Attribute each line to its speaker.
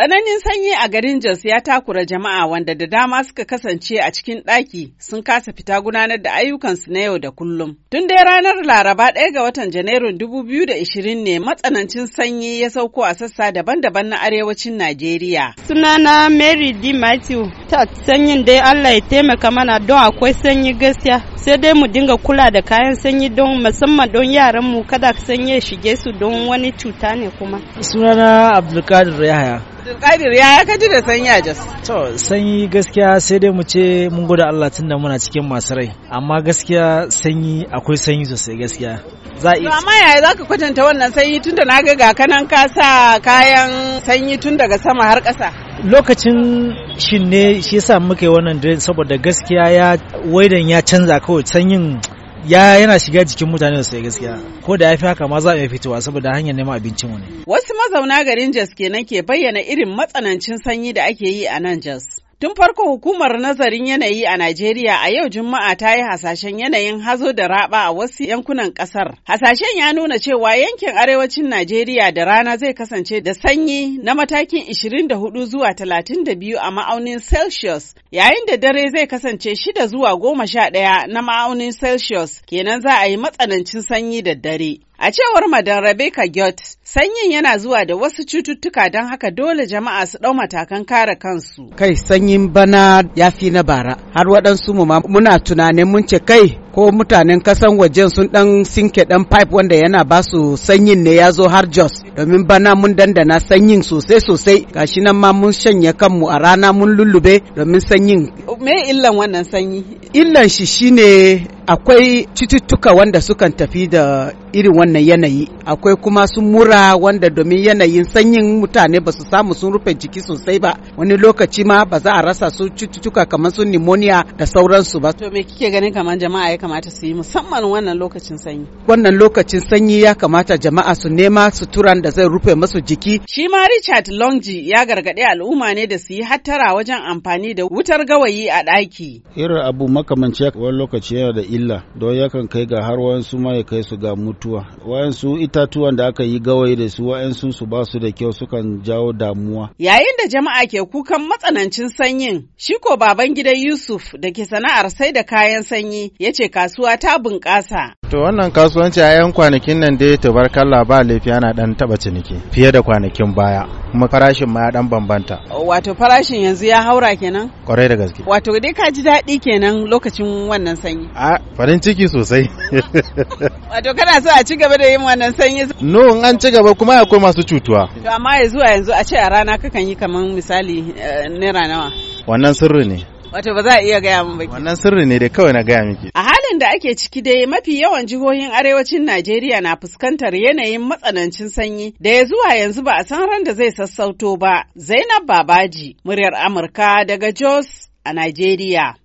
Speaker 1: Tsananin sanyi a garin Jos ya takura jama'a wanda da dama suka kasance a cikin ɗaki sun kasa fita gudanar da ayyukansu na yau da kullum. Tun dai ranar Laraba ɗaya ga watan Janairun 2020 ne matsanancin sanyi ya sauko a sassa daban-daban na arewacin Najeriya. Sunana Mary D. Matthew, ta sanyin dai Allah ya taimaka mana don akwai sanyi gaskiya. sai dai mu dinga kula da kayan sanyi don musamman don yaran mu kada sanyi shige su don wani cuta ne kuma.
Speaker 2: Sunana Abdulkadir Yahaya.
Speaker 1: Abdulkadir ya ka ji da sanya Jos?
Speaker 2: To sanyi gaskiya sai dai mu ce mun gode Allah tunda muna cikin masu rai amma gaskiya sanyi akwai sanyi sosai gaskiya. Za a
Speaker 1: amma yaya za ka kwatanta wannan sanyi da na ga kanan ka sa kayan sanyi tun daga
Speaker 2: sama har ƙasa. lokacin shi ne shi yasa muka yi wannan dare saboda gaskiya ya waidan ya canza kawai sanyin ya yana shiga jikin mutane da sai gaskiya ko da ya fi haka ma za a fitowa saboda hanyar neman abincin mu ne
Speaker 1: wasu mazauna garin Jos kenan ke bayyana irin matsanancin sanyi da ake yi a nan Jos Tun farko hukumar nazarin yanayi a Najeriya a yau Juma'a ta yi hasashen yanayin hazo da raba a wasu yankunan kasar. Hasashen ya nuna cewa yankin arewacin Najeriya da rana zai kasance da sanyi na matakin 24 zuwa 32 a ma'aunin Celsius, yayin da dare zai kasance 6 zuwa 11 na ma'aunin Celsius, kenan za a yi matsanancin sanyi da dare. A cewar Madan Rebecca Gyot, sanyin yana zuwa da wasu cututtuka don haka dole jama'a su ɗau matakan kare kansu.
Speaker 3: Kai sanyin bana ya fi na bara, har waɗansu mu muna tunanin mun ce kai ko mutanen kasan wajen sun dan sinke dan pipe wanda yana ba su sanyin ne ya zo har Jos domin bana mun dandana sanyin sosai sosai gashi nan ma mun shanye kanmu a rana mun lullube domin sanyin
Speaker 1: me illan wannan sanyi
Speaker 3: illan shi shine akwai cututtuka wanda sukan tafi da irin wannan yanayi akwai kuma su mura wanda domin yanayin sanyin mutane ba su samu sun rufe jiki sosai ba wani lokaci ma ba za a rasa su cututtuka kamar su pneumonia da sauransu ba to
Speaker 1: me kike ganin kamar jama'a kamata su yi musamman wannan lokacin sanyi.
Speaker 3: Wannan lokacin sanyi ya kamata jama'a su nema suturan da zai rufe masu jiki.
Speaker 1: Shi ma Richard Longji ya gargaɗe al'umma ne da su yi hattara wajen amfani da wutar gawayi a ɗaki.
Speaker 4: Irin abu makamanci wani lokaci yana da illa don yakan kai ga har wayansu ma ya kai su ga mutuwa. Wayansu itatuwan da aka yi gawayi da su wayansu su ba su da kyau sukan jawo damuwa.
Speaker 1: Yayin da jama'a ke kukan matsanancin sanyin, shi ko baban gidan Yusuf da ke sana'ar sai da kayan sanyi ya ce kasuwa ta bunƙasa.
Speaker 4: To wannan kasuwanci a 'yan kwanakin nan dai tabarkalla ba laifi ana dan taba ciniki fiye da kwanakin baya kuma farashin ma ya dan bambanta.
Speaker 1: Wato farashin yanzu ya haura kenan? Kwarai da gaske. Wato dai ka ji daɗi kenan lokacin wannan sanyi.
Speaker 4: A farin ciki sosai.
Speaker 1: Wato kana so a ci gaba da yin wannan sanyi?
Speaker 4: No in an ci gaba kuma ya koma masu cutuwa.
Speaker 1: To amma ya zuwa yanzu a ce a rana kakan yi kamar misali eh, naira nawa.
Speaker 4: Wannan sirri ne.
Speaker 1: Wato ba za a iya gaya min ba. Wannan
Speaker 4: sirri ne dai kawai na gaya miki.
Speaker 1: A da ake ciki dai mafi yawan jihohin arewacin Najeriya na fuskantar yanayin matsanancin sanyi da ya zuwa yanzu ba a san ran da zai sassauto ba. Zainab Babaji, muryar Amurka daga Jos a Najeriya.